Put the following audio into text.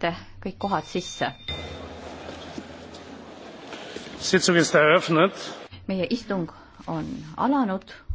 võite kõik kohad sisse. meie istung on alanud